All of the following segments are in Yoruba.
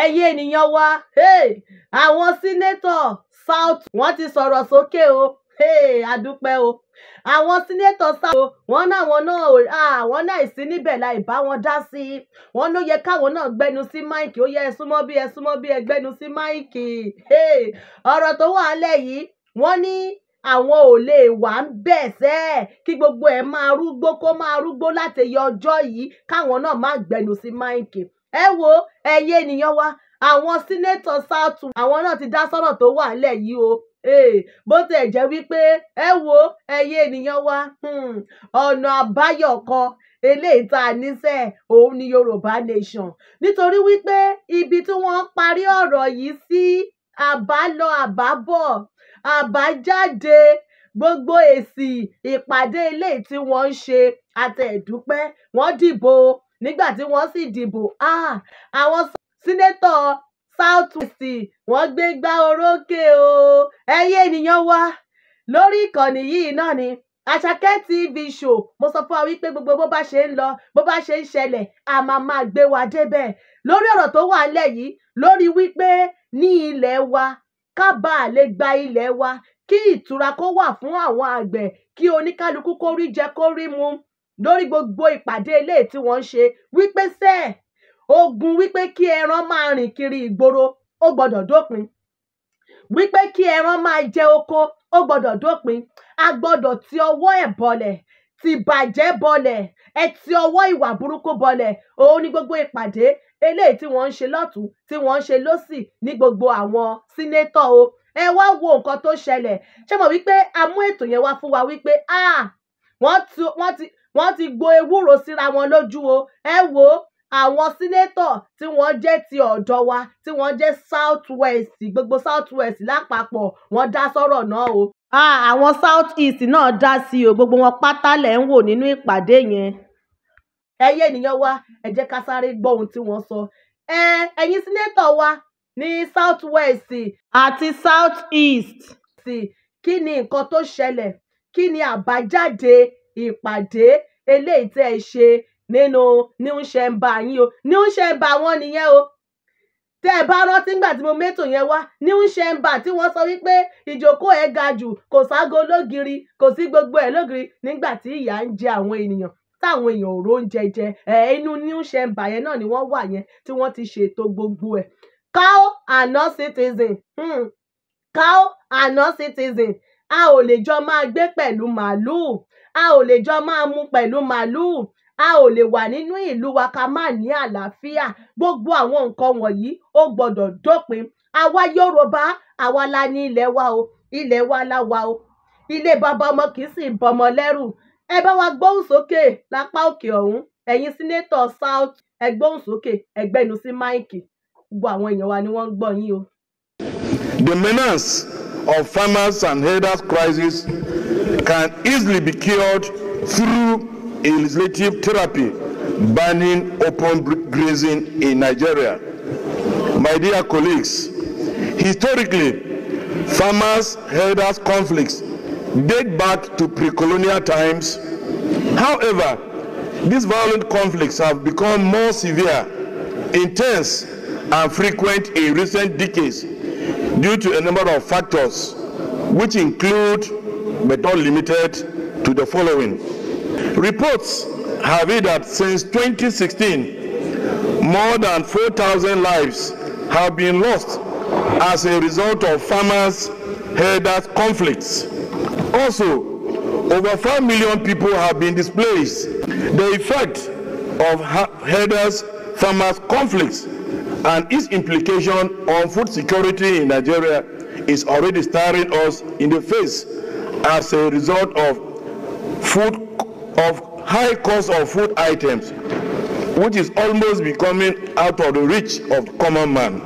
ẹ̀yin ènìyàn wa àwọn sínétọ̀ south wọ́n ti sọ̀rọ̀ sókè o adúpẹ́ o àwọn sínétọ̀ sáwọ́ wọn náwọn náà àwọn náà sí níbẹ̀ láì bá wọn dá sí i wọn ló yẹ káwọn náà gbẹnu sí máìkì ó yẹ ẹ súnmọ́ bí ẹ súnmọ́ bí ẹ gbẹnu sí máìkì ọ̀rọ̀ tó wà lẹ̀ yìí wọ́n ní àwọn ò lè wà ń bẹ̀ sẹ́ kí gbogbo ẹ̀ máa rúgbó kó máa rúgbó láti yọ yìí káwọn náà má gbẹnu sí máìkì ẹ wo ẹ̀yin ènìyàn wa àwọn sínétọ̀ sátù àwọn náà ti dá sọ́rọ̀ tó wà nílẹ̀ yìí o bó tẹ̀ jẹ́ wípé ẹ wo ẹ̀yin ènìyàn wa hmm, ọ̀nà àbáyọ kan eléyìí tá a níṣẹ́ òun ni Yorùbá Nation nítorí wípé ibi tí wọ́n parí ọ̀rọ̀ yìí sí àbálọ àbábọ̀ àbájáde gbogbo èsì ìpàdé eléyìí tí wọ́n ń ṣe àtẹ̀dúpẹ́ wọ́n dìbò nígbà tí wọ́n sì dìbò ah, àwọn sínétọ̀ south west wọ́n gbé gbá orókè o ẹ̀yẹ ènìyàn wa lórí ìkànnì yìí náà ni àṣàkẹ́ tv show mo sọ fún wa wípé gbogbo bó bá ṣe ń lọ bó bá ṣe ń ṣẹlẹ̀ a máa máa gbé wa débẹ̀ lórí ọ̀rọ̀ tó wà ńlẹ̀ yìí lórí wípé ní ilẹ̀ wa ká bá lè gba ilẹ̀ wa kí ìtura kó wà fún àwọn àgbẹ̀ kí oníkálukú kó rí jẹ kó rí mu lórí gbogbo ìpàdé eléyìí tí wọ́n ń ṣe wípé sẹ́ẹ̀ ogun wípé kí ẹran máa rìn kiri ìgboro ó gbọ́dọ̀ dópin wípé kí ẹran máa jẹ oko ó gbọ́dọ̀ dópin a gbọ́dọ̀ ti ọwọ́ ẹ̀ bọlẹ̀ ti bàjẹ́ bọlẹ̀ ẹ ti ọwọ́ ìwà burúkú bọlẹ̀ òun ni gbogbo ìpàdé eléyìí tí wọ́n ń ṣe lọ́tún tí wọ́n ń ṣe lọ́sì ní gbogbo àwọn sínétọ̀ o ẹ wá wo nǹkan tó ṣẹlẹ̀ ṣé mọ̀ wípé a mú ètò yẹn wá fún wa wípé ah wọ́n ti wọ́n ti gbo ewúro síra wọn lójú o ẹ wo àwọn sínétọ̀ tí wọ́n jẹ́ ti ọ̀dọ̀ wa tí wọ́n jẹ́ south west gbogbo south west lápapọ̀ wọ́n dá sọ́rọ̀ náà o àwọn south east náà dá sí o gbogbo wọn pátá lẹ̀ ń wò nínú ìpàdé yẹn ẹyẹ ènìyàn wa ẹ jẹ́ ká sáré gbọ́ ohun tí wọ́n sọ ẹ ẹ̀yin sínétọ̀ wa ní south west àti south east kí ni nǹkan tó ṣẹlẹ̀ kí ni àbájáde ìpàdé eléyìí tẹ́ ẹ ṣe nínú níúṣẹ́ńbà yín o níúṣẹ́ńbà wọn nìyẹn o tẹ́ ẹ bá rántí nígbà tí mo mẹ́tò yẹn wá níúṣẹ́ńbà tí wọ́n sọ wípé ìjókòó ẹ̀ ga jù kò ságo lógiri kò sí gbogbo ẹ̀ lógiri nígbà tí ìyà ń jẹ àwọn ènìyàn táwọn èèyàn ò róúnjẹ jẹ ẹ inú níúṣẹ́ńbà yẹn náà ni wọ́n wà yẹn tí wọ́n ti ṣètò gbogbo ẹ̀ cow and non citizen hmm. cow and non citizen a ò lè jọ máa gbé pẹ̀lú màálùú a ò lè jọ máa mu pẹ̀lú màálùú a ò lè wà nínú ìlú wa ká má ní àlàáfíà gbogbo àwọn nǹkan wọ̀nyí ó gbọ́dọ̀ dópin àwa Yorùbá àwa la ní ilẹ̀ wa o ilẹ̀ wa la wa o ilé bàbá ọmọ kì í sì bọmọ lẹ́rù ẹ bá wa gbóhùn sókè lápá òkè ọ̀hún ẹ̀yin sínétọ̀ south ẹ gbóhùn sókè ẹgbẹ́nu sí máìkì gbogbo àwọn èèyàn wa ni wọ́n ń gbọ́ yín o. The menace of farmers and herders crisis can easily be cured through a legislative therapy banning open grazing in Nigeria. My dear colleagues, historically, farmers' herders' conflicts date back to pre-colonial times. However, these violent conflicts have become more severe, intense, and frequent in recent decades due to a number of factors, which include but not limited to the following. Reports have it that since 2016, more than 4,000 lives have been lost as a result of farmers' herders' conflicts. Also, over 5 million people have been displaced. The effect of herders' farmers' conflicts and its implication on food security in Nigeria is already staring us in the face as a result of food of high cost of food items which is almost becoming out of the reach of the common man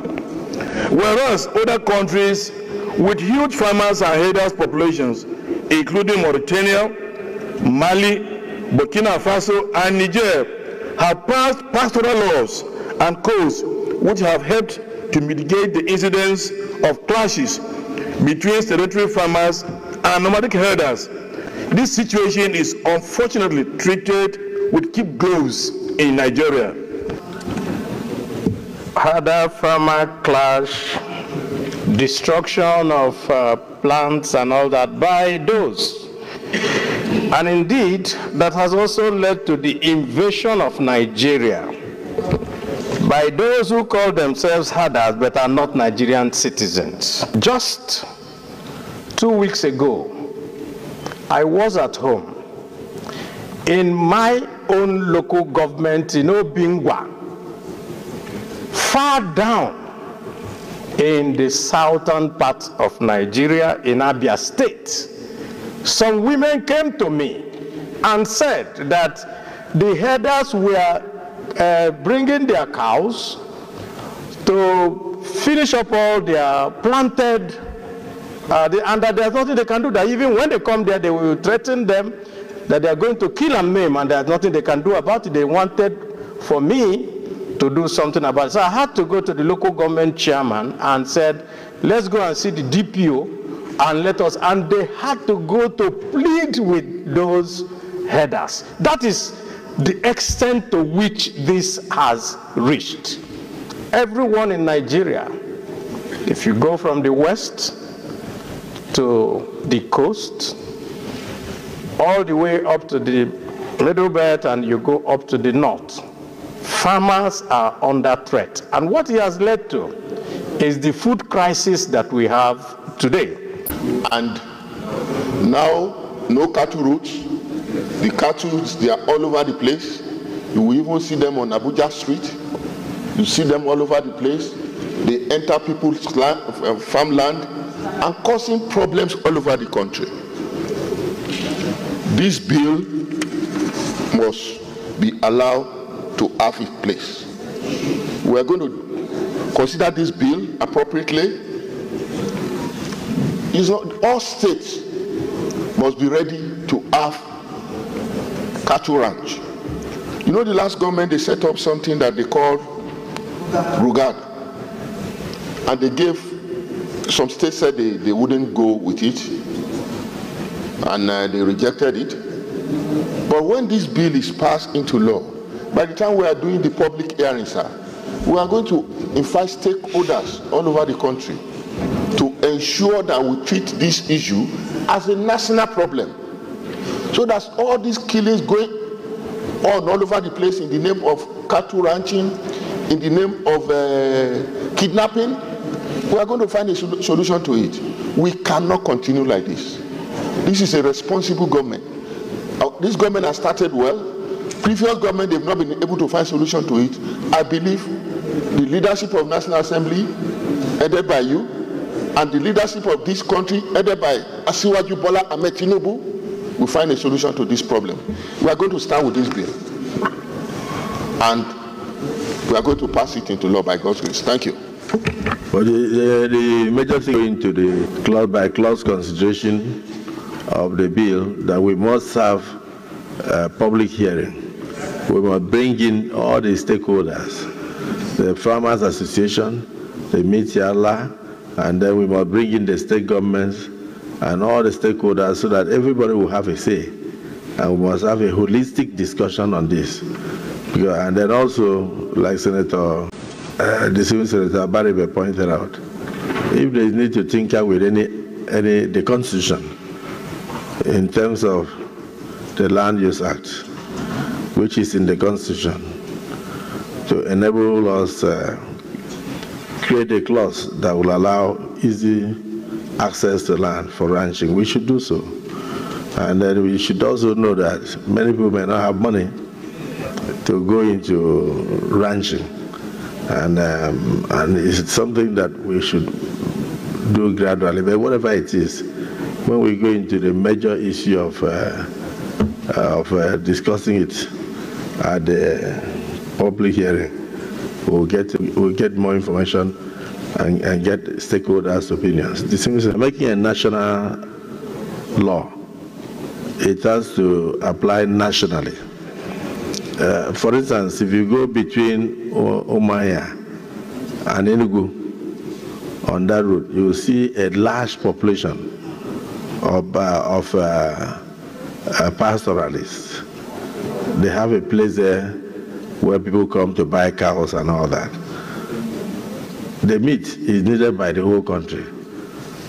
whereas other countries with huge farmers and herders populations including mauritania mali burkina faso and niger have passed pastoral laws and codes which have helped to mitigate the incidence of clashes between sedentary farmers and nomadic herders. This situation is unfortunately treated with kid gloves in Nigeria. Hada farmer clash, destruction of uh, plants and all that by those. And indeed, that has also led to the invasion of Nigeria by those who call themselves herders but are not Nigerian citizens. Just two weeks ago, I was at home in my own local government in Obingwa, far down in the southern part of Nigeria in Abia State. Some women came to me and said that the herders were uh, bringing their cows to finish up all their planted uh, they, and that there's nothing they can do. That even when they come there, they will threaten them that they are going to kill and maim, and there's nothing they can do about it. They wanted for me to do something about it. So I had to go to the local government chairman and said, let's go and see the DPO and let us. And they had to go to plead with those headers. That is the extent to which this has reached. Everyone in Nigeria, if you go from the west to the coast, all the way up to the little bit, and you go up to the north. Farmers are under threat. And what it has led to is the food crisis that we have today. And now, no cattle routes. The cattle, they are all over the place. You will even see them on Abuja Street. You see them all over the place. They enter people's land, uh, farmland and causing problems all over the country. This bill must be allowed to have its place. We are going to consider this bill appropriately. It's not, all states must be ready to have cattle ranch. You know the last government, they set up something that they called Rugad. And they gave some states said they, they wouldn't go with it and uh, they rejected it. But when this bill is passed into law, by the time we are doing the public hearing, sir, we are going to invite stakeholders all over the country to ensure that we treat this issue as a national problem. So that all these killings going on all over the place in the name of cattle ranching, in the name of uh, kidnapping, We are going to find a sol- solution to it. We cannot continue like this. This is a responsible government. Uh, this government has started well. Previous government, they've not been able to find solution to it. I believe the leadership of National Assembly, headed by you, and the leadership of this country, headed by Asiwaju Bola Ahmed Tinubu, will find a solution to this problem. We are going to start with this bill. And we are going to pass it into law by God's grace. Thank you. But the, the major thing into the clause by clause consideration of the bill that we must have a public hearing. We must bring in all the stakeholders, the Farmers Association, the Mitiala, and then we must bring in the state governments and all the stakeholders so that everybody will have a say. And we must have a holistic discussion on this. And then also, like Senator uh, the civil solicitor uh, Baribe pointed out, if they need to tinker with any, any the constitution in terms of the Land Use Act, which is in the constitution, to enable us uh, create a clause that will allow easy access to land for ranching, we should do so. And then we should also know that many people may not have money to go into ranching and um, and it's something that we should do gradually. But whatever it is, when we go into the major issue of uh, uh of uh, discussing it at the public hearing, we'll get we'll get more information and, and get stakeholders' opinions. The thing is making a national law. It has to apply nationally. Uh, for instance, if you go between Omaya and Enugu on that road, you will see a large population of, uh, of uh, uh, pastoralists. They have a place there where people come to buy cows and all that. The meat is needed by the whole country.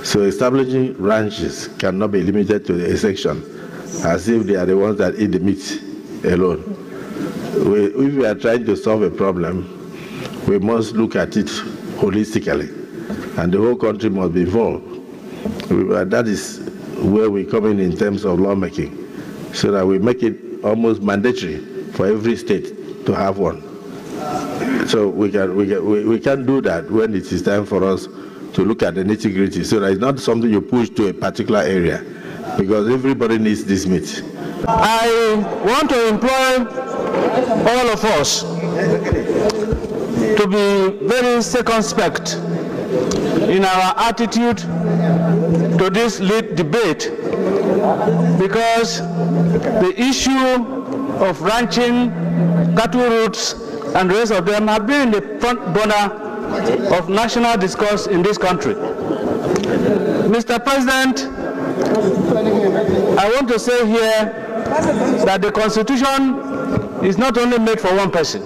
So establishing ranches cannot be limited to a section as if they are the ones that eat the meat alone we, if we are trying to solve a problem, we must look at it holistically, and the whole country must be involved. Uh, that is where we come in in terms of lawmaking, so that we make it almost mandatory for every state to have one. So we can we can, we, we can do that when it is time for us to look at the nitty gritty. So that it's not something you push to a particular area, because everybody needs this meat. I want to employ all of us to be very circumspect in our attitude to this late debate because the issue of ranching cattle routes and the rest of them have been the front burner of national discourse in this country. Mr. President, I want to say here that the Constitution is not only made for one person,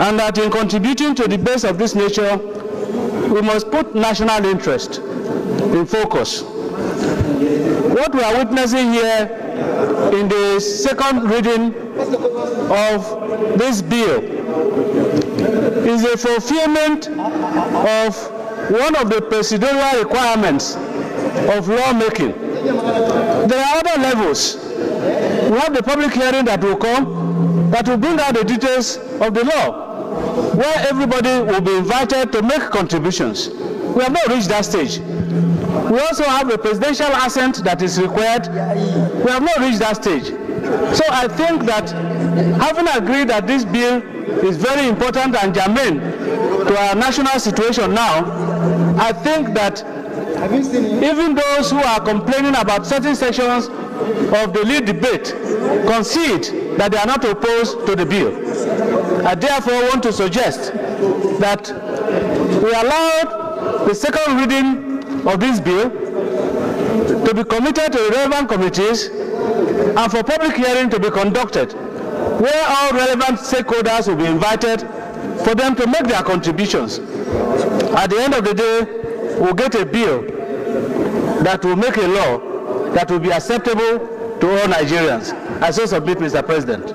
and that in contributing to the best of this nature, we must put national interest in focus. What we are witnessing here in the second reading of this bill is a fulfillment of one of the procedural requirements of lawmaking. There are other levels We have the public hearing that will come that will bring out the details of the law, where everybody will be invited to make contributions. We have not reached that stage. We also have a presidential assent that is required. We have not reached that stage. So I think that having agreed that this bill is very important and germane to our national situation now, I think that even those who are complaining about certain sections of the lead debate concede that they are not opposed to the bill. I therefore want to suggest that we allow the second reading of this bill to be committed to relevant committees and for public hearing to be conducted where all relevant stakeholders will be invited for them to make their contributions. At the end of the day, we'll get a bill that will make a law that will be acceptable to all Nigerians. I so submit, Mr. President.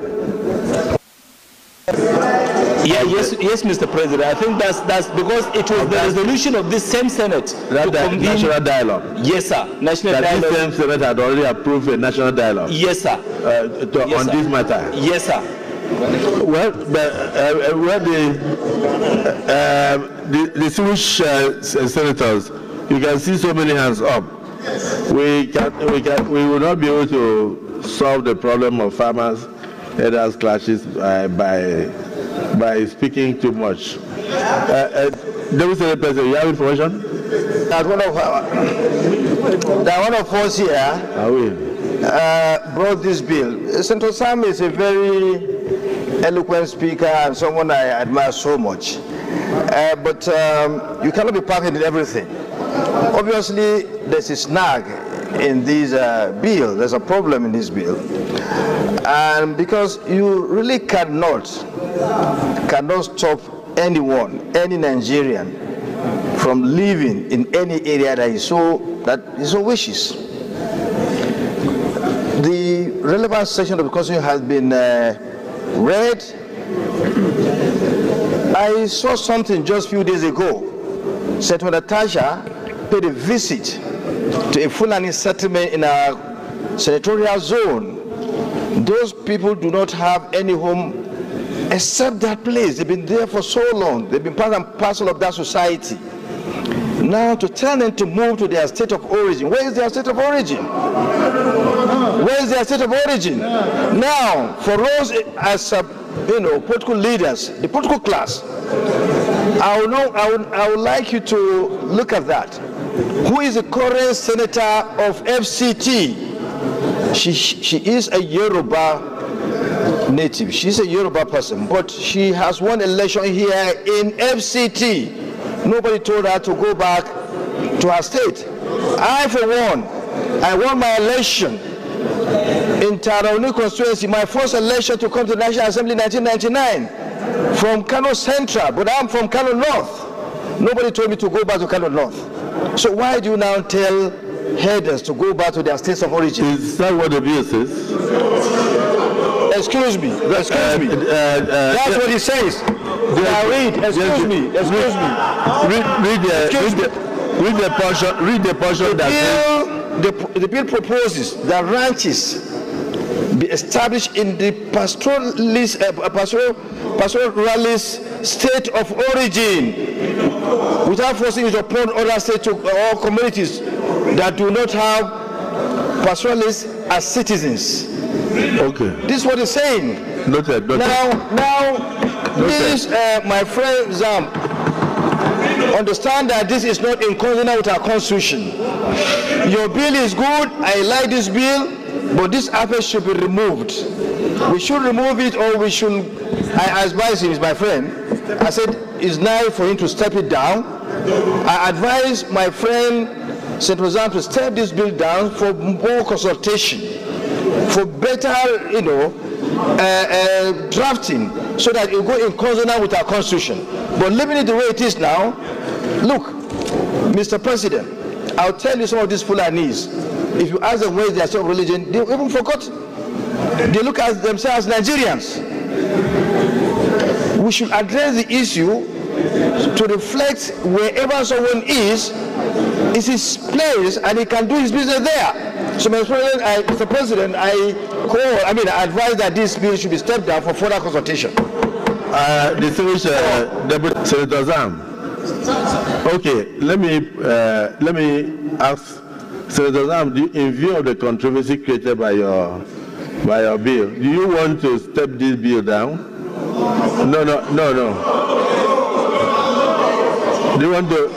Yeah, yes, yes, Mr. President. I think that's that's because it was okay. the resolution of this same Senate that to convene, national dialogue. Yes, sir. National that dialogue. This same Senate had already approved a national dialogue. Yes, sir. Uh, to, yes, on sir. this matter. Yes, sir. Well, but, uh, uh well, the, uh, the, the uh, senators, you can see so many hands up we, can, we, can, we will not be able to solve the problem of farmers herders clashes by, by, by speaking too much. Uh, uh, David President, you have information? That one of, uh, that one of us here uh, brought this bill. Senator Sam is a very eloquent speaker and someone I admire so much. Uh, but um, you cannot be perfect in everything. Obviously, there's a snag in this uh, bill. There's a problem in this bill. And because you really cannot, cannot stop anyone, any Nigerian, from living in any area that he so that he so wishes. The relevant section of the constitution has been uh, read I saw something just a few days ago. Said when Natasha paid a visit to a Fulani settlement in our senatorial zone, those people do not have any home except that place. They've been there for so long. They've been part and parcel of that society. Now to tell them to move to their state of origin. Where is their state of origin? Where is their state of origin? Yeah. Now, for those as uh, you know, political leaders, the political class, I would, know, I, would, I would like you to look at that. Who is the current senator of FCT? She, she is a Yoruba native. She's a Yoruba person, but she has won election here in FCT. Nobody told her to go back to her state. I, for one, I won my election in Tarauni constituency, my first election to come to the National Assembly in 1999 from Kano Central, but I'm from Kano North. Nobody told me to go back to Kano North. So why do you now tell headers to go back to their states of origin? Is that what abuse is? Excuse me. Uh, excuse uh, me. Uh, uh, That's what he says. Now read. Excuse me. Excuse read, me. Read, read, uh, Excuse read, me. Read the portion. Read the portion the that. Bill, the, the bill proposes that ranches be established in the pastoralist, uh, pastoral, pastoralist state of origin without forcing it upon other states or communities that do not have pastoralists as citizens. Okay. This is what he's saying. Noted, Now, now, this, uh, my friend Zam, understand that this is not in consonant with our constitution. Your bill is good. I like this bill. But this apex should be removed. We should remove it or we should, I advise him, he's my friend. I said, it's now for him to step it down. I advise my friend St. Rosan to step this bill down for more consultation, for better, you know, uh, uh, drafting so that it will go in consonance with our constitution. But leaving it the way it is now, look, Mr. President, I'll tell you some of these Fulanese if you ask them where is their are from religion, they even forgot. They look at themselves as Nigerians. We should address the issue to reflect wherever someone is, is his place and he can do his business there. So Mr. President, I, Mr. President, I call, I mean, I advise that this bill should be stepped down for further consultation. Uh, distinguished uh, Deputy Senator Zam. Okay, let me, uh, let me ask So Donald, in view of the controversy created by your by your bill, do you want to step this bill down? No, no, no, no. Do you want to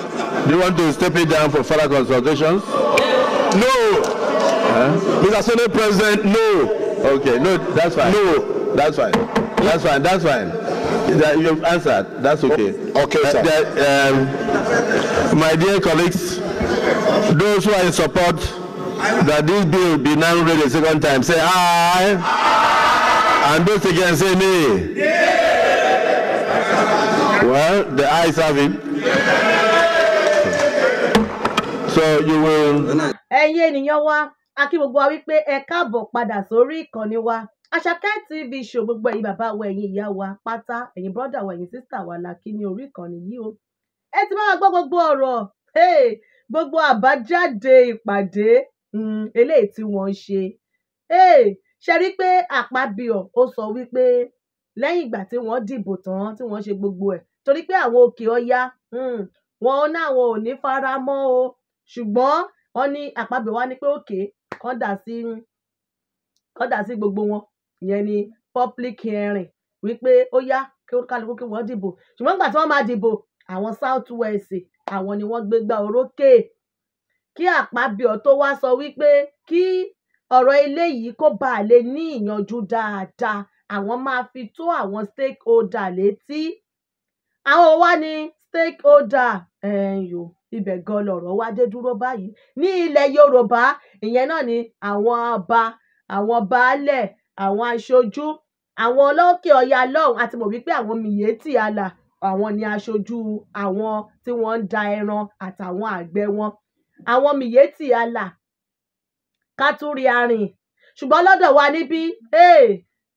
do you want to step it down for further consultations? No. Huh? Mr. Senate President, no. Okay, no, that's fine. No, that's fine. That's fine. That's fine. That have answered. That's okay. Okay, sir. Uh, that, uh, um, my dear colleagues, Those who are in support that this bill be now read a second time say aye. And those against say nay. Well, the ayes have it. So you will. ẹ̀yin ènìyàn wa a wa wípé ẹ káàbọ̀ padà sórí ìkànnì wa Àṣàkẹ́ TV show gbogbo ẹ̀yin bàbá wa ẹ̀yin ìyá wa pátá ẹ̀yin bọ́dà wa ẹ̀yin sísà wa la orí ìkànnì yìí o ẹ ti bá gbọ́ gbogbo ọ̀rọ̀ gbogbo àbájáde ìpàdé um eléyìí tí wọ́n ṣe ṣe rí pé àpábíọ̀ ó sọ wípé lẹ́yìn ìgbà tí wọ́n dìbò tán tí wọ́n ṣe gbogbo ẹ̀ torí pé àwọn òkè ọya hmm, wọn náwọn ò ní fara mọ́ o ṣùgbọ́n wọ́n ní àpábíọ̀ wá ní pé òkè kan dà sí gbogbo wọn ìyẹn ni public hearing wípé ó yá kí ó kálukú kí wọ́n dìbò ṣùgbọ́n nígbà tí wọ́n máa dìbò àwọn south west àwọn ni wọ́n gbé gbá orókè kí àpábíọ̀ tó wá sọ wípé kí ọ̀rọ̀ eléyìí kó bá a lè ní ìyanjú dáadáa àwọn máa fi tó àwọn stakeholder létí àwọn wá ní stakeholder ẹ̀yọ́ ibẹ̀ gan lọ̀rọ̀ wá dé dúró báyìí ní ilẹ̀ Yorùbá ìyẹn náà ni àwọn ọba àwọn baálẹ̀ àwọn aṣojú àwọn ọlọ́kẹ̀ ọ̀yà lọ́hùn àti mọ̀ wípé àwọn mìyétì àlà àwọn ni aṣojú àwọn tí wọ́n ń da ẹran àtàwọn àgbẹ̀ wọn àwọn mìyétì àlà ká tún rí arìn ṣùgbọ́n lọ́dọ̀ wa níbí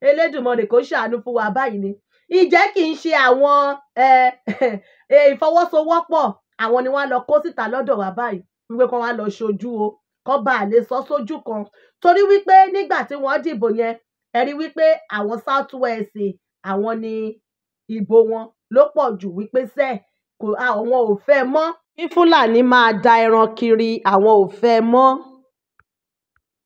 Elédùmarè kò ṣàánú fún wa báyìí ni ìjẹ́ kì í ṣe àwọn ìfọwọ́sowọ́pọ̀ àwọn ni wọ́n lọ kó síta lọ́dọ̀ wa báyìí wípé kọ́ wá lọ ṣojú o kọ́ bá lè sọ sójú kan torí wípé nígbà tí wọ́n dìbò yẹn ẹ rí wípé àwọn South West àwọn ni ìbò wọn ló pọ̀ jù wípé sẹ́ àwọn ò fẹ́ mọ́ kí fúlàní máa da ẹran kiri àwọn ò fẹ́ mọ́.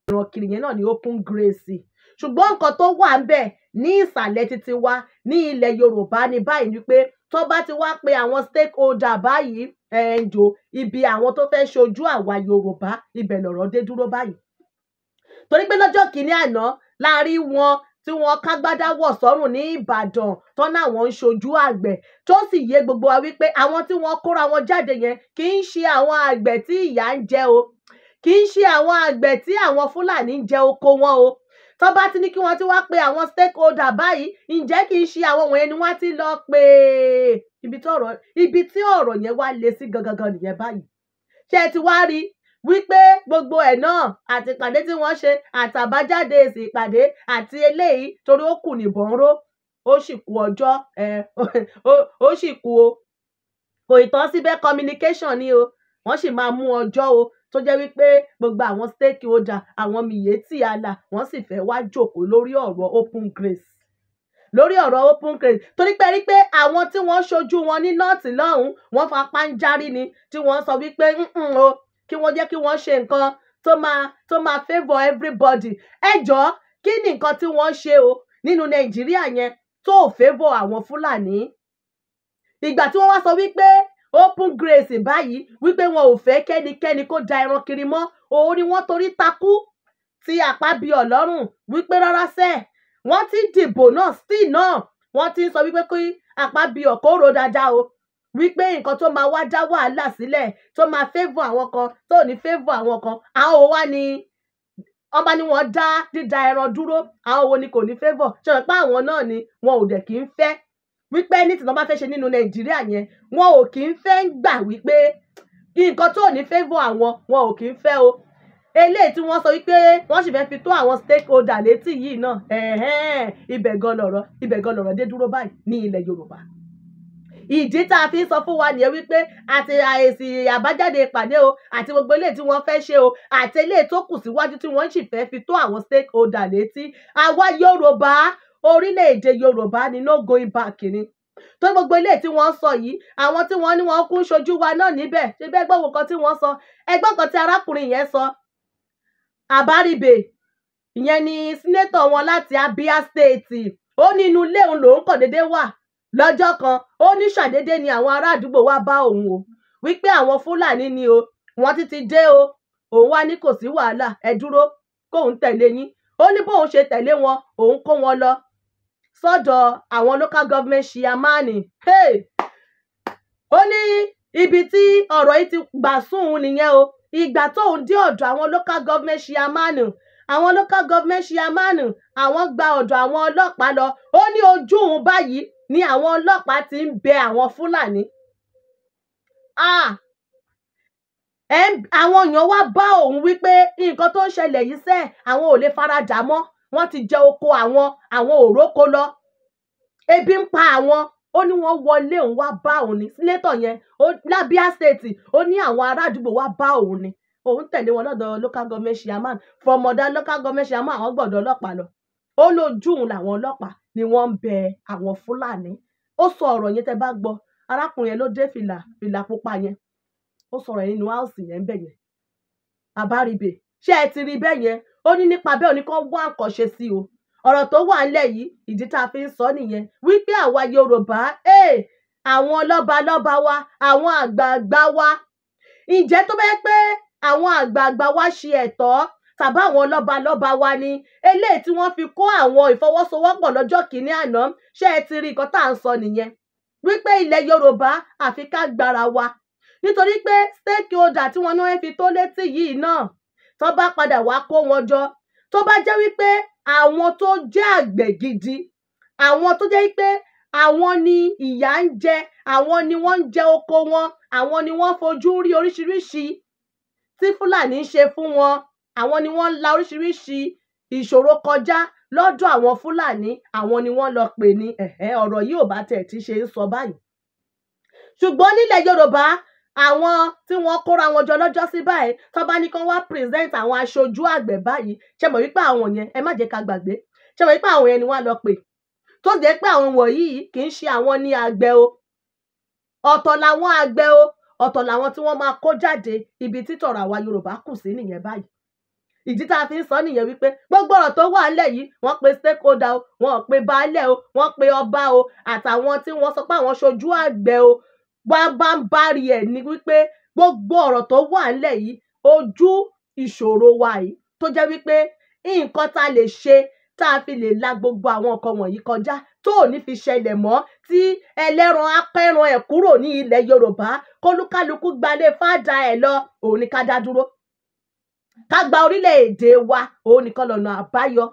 ẹran kiri yẹn náà ni open grace ṣùgbọ́n nǹkan tó wà ń bẹ̀ ní ìsàlẹ̀ títí wa ní ilẹ̀ Yorùbá ni báyìí wípé tó bá ti wá pe àwọn stakeholder báyìí ẹ̀ǹjò ibi àwọn tó fẹ́ ṣojú àwa Yorùbá ibẹ̀ lọ̀rọ̀ dé dúró báyìí. torí pé lọ́jọ́ kìíní àná láàárín wọn tí wọ́n kágbádá wọ̀ sọ́rùn ní Ìbàdàn tán náwọn ń ṣojú àgbẹ̀ tó sì yé gbogbo wa wípé àwọn tí wọ́n kóra wọn jáde yẹn kì í ṣe àwọn àgbẹ̀ tí ìyà ń jẹ o kì í ṣe àwọn àgbẹ̀ tí àwọn Fúlàní ń jẹ oko wọn o tó bá ti ní kí wọ́n ti wá pe àwọn stakeholder báyìí ǹjẹ́ kì í ṣe àwọn wọ̀nyẹn ni wọ́n ti lọ pé ibi tí ọ̀rọ̀ yẹn wá le sí gangan nìyẹn báyìí ṣé ẹ ti wá rí wípé gbogbo ẹ̀ náà àti ìpàdé tí wọ́n ṣe àtàbájáde èsì ìpàdé àti eléyìí torí ó kù níbọn ń ró ó sì kù ọjọ́ ó sì kù o kò ìtàn síbẹ̀ communication ni o wọ́n sì máa mú ọjọ́ o tó jẹ́ wípé gbogbo àwọn stakeholder àwọn miyetí àlà wọ́n sì fẹ́ wá jókòó lórí ọ̀rọ̀ open grace lórí ọ̀rọ̀ open grace torí pé rí pé àwọn tí wọ́n ṣojú wọn ní nọ́ọ̀tì lọ́hùn-ún wọ́n fapá ń járí ni tí wọ́n sọ wípé o kí wọ́n jẹ́ kí wọ́n ṣe nǹkan tó máa tó máa favour everybody ẹ jọ̀ọ́ kí ni nǹkan tí wọ́n ṣe o nínú nàìjíríà yẹn tó ò favour àwọn fúlàní ìgbà tí wọ́n wá sọ wípé open grace báyìí wípé wọn ò fẹ́ kẹ́nikẹ́ni kó da ẹran kiri mọ́ òun ni wọ́n torí takú ti àpábí ọlọ́run wípé rárá sẹ́ wọ́n ti dìbò náà sí náà wọ́n ti ń sọ wípé kí àpábí ọ̀kọ́ ro dáadáa o wípé nǹkan tó máa wá dá wàhálà sílẹ̀ tó máa favour àwọn kan tó ní favour àwọn kan àwọn wo wá ni ọba ni wọ́n dá dídá ẹran dúró àwọn wo ni kò ní favour ṣe rẹ̀ pé àwọn náà ni wọn ò dẹ̀ kí ń fẹ́ wípé ní tìǹbà bá fẹ́ ṣe nínú nàìjíríà yẹn wọn ò kí ń fẹ́ ń gbà wípé nǹkan tó ní favour àwọn wọn ò kí ń fẹ́ o eléyìí tí wọ́n sọ wípé wọ́n sì fẹ́ fi tó àwọn stakeholder létí yìí náà ibẹ̀ gan lọ̀rọ̀ ibẹ̀ gan lọ̀rọ̀ dé dúró báyìí ní ilẹ̀ yorùbá ìdí tá a fi ń sọ fún wa nìyẹn wípé àti àìsí àbájáde ìpàdé o àti gbogbo eléyìí tí wọ́n fẹ́ ṣe o àti eléyìí tó kù síwájú tí wọ́n sì fẹ́ fi tó àwọn stakeholder létí àwa Yorùbá orílẹ̀-èdè Yorùbá ni no going back ni tó gbogbo ilé tí wọ́n sọ yìí àwọn tí wọ́n ní wọ́n kún ṣojú wa náà níbẹ̀ ṣe bẹ́ẹ̀ gbọ́ nǹkan tí wọ́n sọ ẹgbọ́n kan tí arákùnrin yẹn sọ àbáribè ìyẹn ni sínétọ̀ wọn láti Abia State ó ní inú ilé òun lòún kàn déédéé wà lọ́jọ́ kan ó ní ṣàdédé ni àwọn ará àdúgbò wá bá òun o wípé àwọn fúlàní ni o wọ́n ti ti dé o òun wá ní kò sí wàhálà ẹ dúró kóun tẹ̀lé yín ó ní bóun ṣe tẹ̀lé wọn òun kó wọn lọ sọ́dọ̀ àwọn local government ṣìyàmánì ó ní ibi tí ọ̀rọ̀ yìí ti gbà sóun nìyẹn o ìgbà tóun dé ọ̀dọ̀ àwọn local government ṣìyàmánì àwọn local government ṣìyàmánì àwọn gba ọ̀dọ̀ àwọn ọlọ́pàá lọ ó ní ojú òun báyìí ni àwọn ọlọ́pàá ti ń bẹ àwọn Fúlàní ah! àwọn èèyàn wá bá òun wípé nǹkan tó ń ṣẹlẹ̀ yìí sẹ́ àwọn ò lè faradà mọ́ wọ́n ti jẹ oko àwọn àwọn ò róko lọ ebi ń pa àwọn ó ní wọ́n wọlé òun wá bá òun ní sínétọ̀ yẹn lábíà state ó ní àwọn ará àdúgbò wá bá òun ní òun tẹ̀lé wọn lọ́dọ̀ local government chairman from ọ̀dà local government chairman àwọn gbọ̀dọ̀ ọlọ́pàá lọ ó lójú òun làwọn ọlọ́pàá ni wọ́n ń bẹ àwọn fúlàní ó sọ ọ̀rọ̀ yẹn tẹ́ bá gbọ́ arákùnrin yẹn ló dé fìlà fìlà pupa yẹn ó sọ̀rọ̀ yẹn nínú áùsì yẹn ń bẹ̀ yẹn àbáribè ṣé ẹ ti rí bẹ́ẹ̀ yẹn ó ní nípa bẹ́ẹ̀ oníkan wá nǹkan ṣe sí o ọ̀rọ̀ tó wà ńlẹ̀ yìí ìdí tá a fi ń sọ nìyẹn wípé àwa yorùbá eh, àwọn lọ́balọ́ba wa àwọn àgbààgbà wa ǹjẹ́ tó bẹ́ẹ̀ pé àwọn àgbààgbà wa ṣe ẹ̀tọ́ tàbá àwọn lọ́ba lọ́ba wa ni eléyìí tí wọ́n fi kó àwọn ìfọwọ́sowọ́pọ̀ lọ́jọ́ kìíní àná ṣé ẹ ti rí nǹkan tá à ń sọ nìyẹn wípé ilẹ̀ Yorùbá àfi ká gbára wa nítorí pé stakeholder tí wọ́n náà fi tó létí yìí náà tó bá padà wá kó wọn jọ tó bá jẹ́ wípé àwọn tó jẹ́ àgbẹ̀ gidi àwọn tó jẹ́ wípé àwọn ni ìyà ń jẹ àwọn ni wọ́n ń jẹ oko wọn àwọn ni wọ́n fojú rí oríṣiríṣi tí Fúlàní ń ṣe fún wọn àwọn ni wọ́n ń la oríṣiríṣi ìṣòro kọjá lọ́dọ̀ àwọn fúlàní àwọn ni wọ́n lọ pè ní ọ̀rọ̀ yìí ò bá tẹ̀ tí ṣe ń sọ báyìí. ṣùgbọ́n nílẹ̀ yorùbá àwọn tí wọ́n kóra wọn jọ lọ́jọ́ sí báyìí tó bá ní kán wá present àwọn aṣojú àgbẹ̀ báyìí ṣe mọ̀ wípé àwọn yẹn ẹ má jẹ́ ká gbàgbé ṣe mọ̀ wípé àwọn yẹn ni wọ́n lọ pè tó jẹ́ pé àwọn wọ̀nyí kì í ṣe àwọn ní àgbẹ̀ o ọ̀tọ̀ làwọn àgbẹ̀ o ọ̀tọ̀ làwọn tí wọ́n máa kó jáde ibi títọ̀rọ̀ àwa yorùbá kù sí nìyẹn báyìí ìdí tá a fi ń sọ nìyẹn wípé gbogbo ọ̀rọ̀ tó wà ńlẹ̀ yìí wọ́n pe stakeholder o wọ́n pe baálẹ̀ o wọ́n pe ọba o àtàwọn tí wọ́n sọ pé àwọn ṣojú àgbẹ̀ o wá bá ń bárí ẹ̀ ní wípé gbogbo ọ̀rọ̀ tó wà ńlẹ̀ yìí ojú ìṣòro wa yìí tó jẹ́ wípé nǹkan tá a lè ṣe tá a fi lè la gbogbo àwọn nǹkan wọ̀nyí kọjá tó ò ní fi ṣẹlẹ̀ mọ́ tí ẹlẹ́ran apẹ́ran ẹ̀ kúrò ní ilẹ̀ Yorùbá kólúkálukú gbalẹ̀ fáadà ẹ̀ lọ òun ni ká dá dúró ká gba orílẹ̀-èdè wa òun nìkan lọ́nà àbáyọ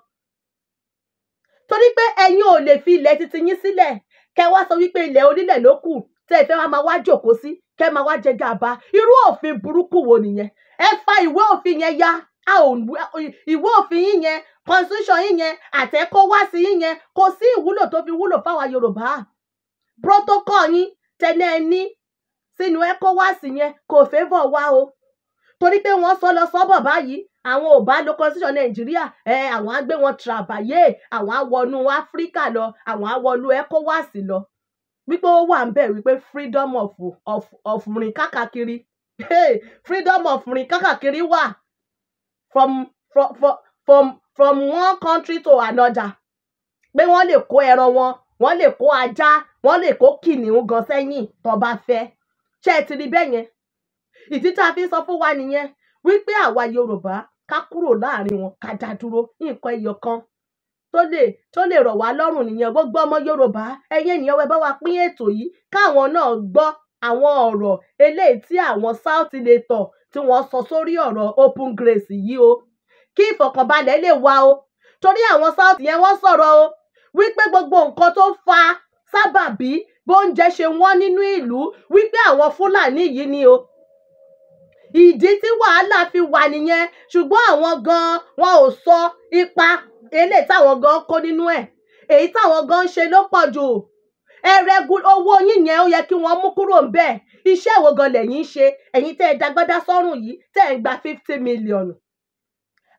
torí pé ẹ̀yin ò lè fi ilẹ̀ titi yín sílẹ̀ kẹ́ wá sọ wípé ilẹ̀ onílẹ̀ ló kù tẹ́ ẹ fẹ́ wá máa wá jòkó sí kẹ́ máa wá jẹ gàba irú òfin burúkú wo nìyẹn ẹ fa ìwé òfin yẹn ya a ìwé òfin yín yẹn constitution yín yẹn àtẹ́kọ́ wá sí yín yẹn kò sí ìwúlò tó fi wúlò fáwa Yorùbá protocol yín tẹ́lẹ̀ ní sínú ECOWAS yẹn kò fẹ́vọ̀ wá o torí pé wọ́n sọ lọ sọ́bọ̀ báyìí àwọn ò bá lo constitution nàìjíríà ẹ àwọn á gbé wọn travayé àwọn á wọnú áfíríkà lọ àwọn á wọnú ecowas lọ wípé ó wà ń bẹ̀ wípé freedom of of of rìn kákàkiri hey, freedom of rìn kákàkiri wà from from from from one country to another pé wọ́n lè kó ẹran wọn wọ́n lè kó ajá wọ́n lè kó kìnìún gan sẹ́yìn tó bá fẹ́ ṣé ẹ ti rí bẹ́ẹ̀ yẹn ìdí tá a fi ń sọ fún wa nìyẹn wípé àwa Yorùbá ká kúrò láàrin wọn ká dá dúró nǹkan ẹyọ kan tó lè tó lè rọ̀ wá lọ́rùn nìyẹn gbogbo ọmọ Yorùbá ẹyẹ ènìyàn wẹ bá wa pín ètò yìí káwọn náà gbọ́ àwọn ọ̀rọ̀ eléyìí tí àwọn South Senator tí wọ́n sọ sórí ọ̀rọ̀ open grace yìí o kí ìfọ̀kànbalẹ̀ lè wà o torí àwọn South yẹn wọ́n sọ̀rọ̀ o wípé gbogbo nǹkan tó fa sábàbí bóúnjẹ ṣe wọ́n nínú ìlú wípé àwọn Fúlàní yìí ni o ìdí tí wàhálà fi wà nìyẹn ṣùgbọ́n àwọn gan-an wọn ò sọ ipa eléyìí táwọn gan kó nínú ẹ̀ èyí táwọn gan ṣe ló pọ̀ jù ẹ rẹ́gùn owó yín yẹn ó yẹ kí wọ́n mú kúrò ń bẹ̀ iṣẹ́ wo gan lẹ̀yin ṣe ẹ̀yin tẹ́ ẹ dagbádá sọ́rùn yìí tẹ́ ẹ gba fifty million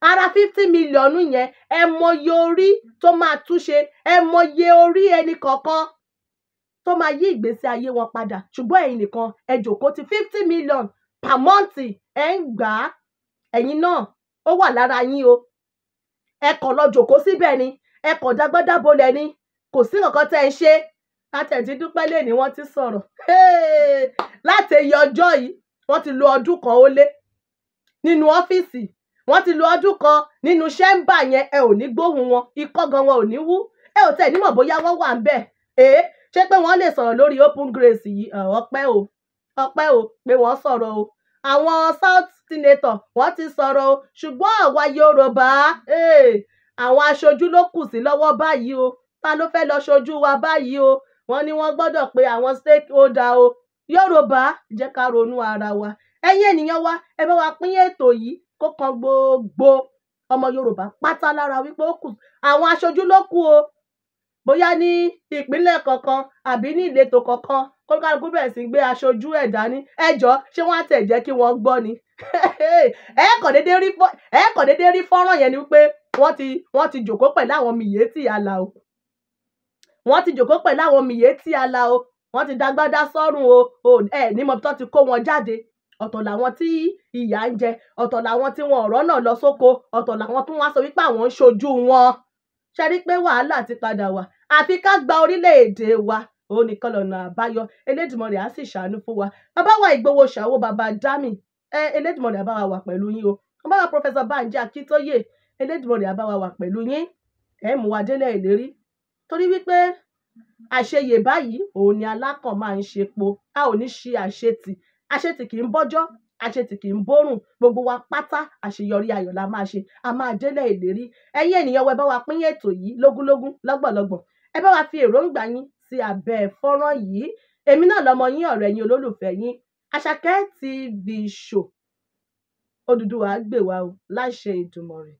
ara fifty million yẹn ẹ mọye orí tó máa túnṣe ẹ mọye orí ẹni kọ̀ọ̀kan tó máa yí ìgbésí ayé wọn padà ṣùgbọ́n ẹ̀yin nìkan ẹ jòkó ti fifty million per month ẹ̀ ń gbà á ẹ̀yin náà ó wà lára yín o ẹ kàn lọ jòkó síbẹ̀ ni ẹ kàn dágbọ́dábọ̀ lẹ̀ ni kò sí nǹkan tẹ́ ẹ ṣe látẹ̀tí dúpẹ́ lé ni wọ́n ti sọ̀rọ̀ láti èyí ọjọ́ yìí wọ́n ti lo ọdún kan ó lé nínú ọ́fíìsì wọ́n ti lo ọdún kan nínú ṣẹ́ńbà yẹn ẹ ò ní gbóhùn wọn ikọ́ gan wọn ò ní wú ẹ ò tẹ̀ nímọ̀ bóyá wọ́n wà ń bẹ̀ èé ṣé pé wọ́n lè sọ̀rọ̀ lórí open grace yìí ọpẹ́ o ọpẹ́ o pé wọ́n sọ̀rọ̀ o àwọn south senator wọ́n ti sọ̀rọ̀ o ṣùgbọ́n àwa yorùbá eh, àwọn aṣojú ló kù sí lọ́wọ́ báyìí o ta ló fẹ́ lọ ṣojú wa báyìí o wọ́n ní wọ́n gbọ́dọ̀ pé àwọn stakeholder o yorùbá jẹ́ ká ronú ara wa ẹ̀yin ènìyàn wa ẹ bá wa pín ètò yìí kó kan gbogbo ọmọ yorùbá pátá lára wípé ó kù àwọn aṣojú ló kù o bóyá ní ìpínlẹ̀ kankan àbí ní ìletò kankan kólúkálukú bẹ̀rẹ̀ sí gbé aṣojú ẹ̀ dání ẹ ṣé wọ́n á tẹ̀ jẹ́ kí wọ́n gbọ́ ni ẹ kàn déédéé rí fọ́nrán yẹn ni wípé wọ́n ti wọ́n ti jòkó pẹ̀lú àwọn Miyetti Alao wọ́n ti jòkó pẹ̀lú àwọn Miyetti Alao wọ́n ti dágbádá sọ́rùn o ẹ ní mọ̀ tó ti kó wọn jáde ọ̀tọ̀ làwọn tí ìyà ń jẹ ọ̀tọ̀ làwọn tí wọn ọ̀rọ̀ náà lọ sóko ọ̀tọ̀ làwọn tó wá sọ wípé àwọn ń ṣojú wọn ṣe rí pé wàhálà ti padà wà àfi ká gba orílẹ̀-èdè wa òun nìkan lọ́nà àbáyọ Elédùmarè á sì ṣàánú fún wa bàbá wa Ìgbòho Ṣàwó bàbá Dami ẹ Elédùmarè àbáwá wà pẹ̀lú yín o bàbá wa Professor Banji Akíntóyè Elédùmarè àbáwá wà pẹ̀lú yín ẹ mú wa délẹ̀ ìlérí torí wípé àṣeyè báyìí òun ni alákàn máa ń ṣe po a ò ní ṣe àṣetì àṣetì kì í bọ́jọ́ àṣetì kì í bórùn gbogbo wa pátá àṣeyọrí ayọ̀ la máa ṣe a máa délẹ̀ ìlérí ẹ̀yin ènìyàn wẹ bá wa pín ètò yìí lógúnlógún lọ́gbọ̀nlọ́gbọ̀n ẹ bá wa fi èròǹgbà yín sí abẹ́ fọ́nrán yìí èmi náà lọmọ yín ọ̀rẹ́ yín olólùfẹ́ yín Àṣàkẹ́ TV show Odùduwà gbè wá o láṣẹ Èdùmàrè.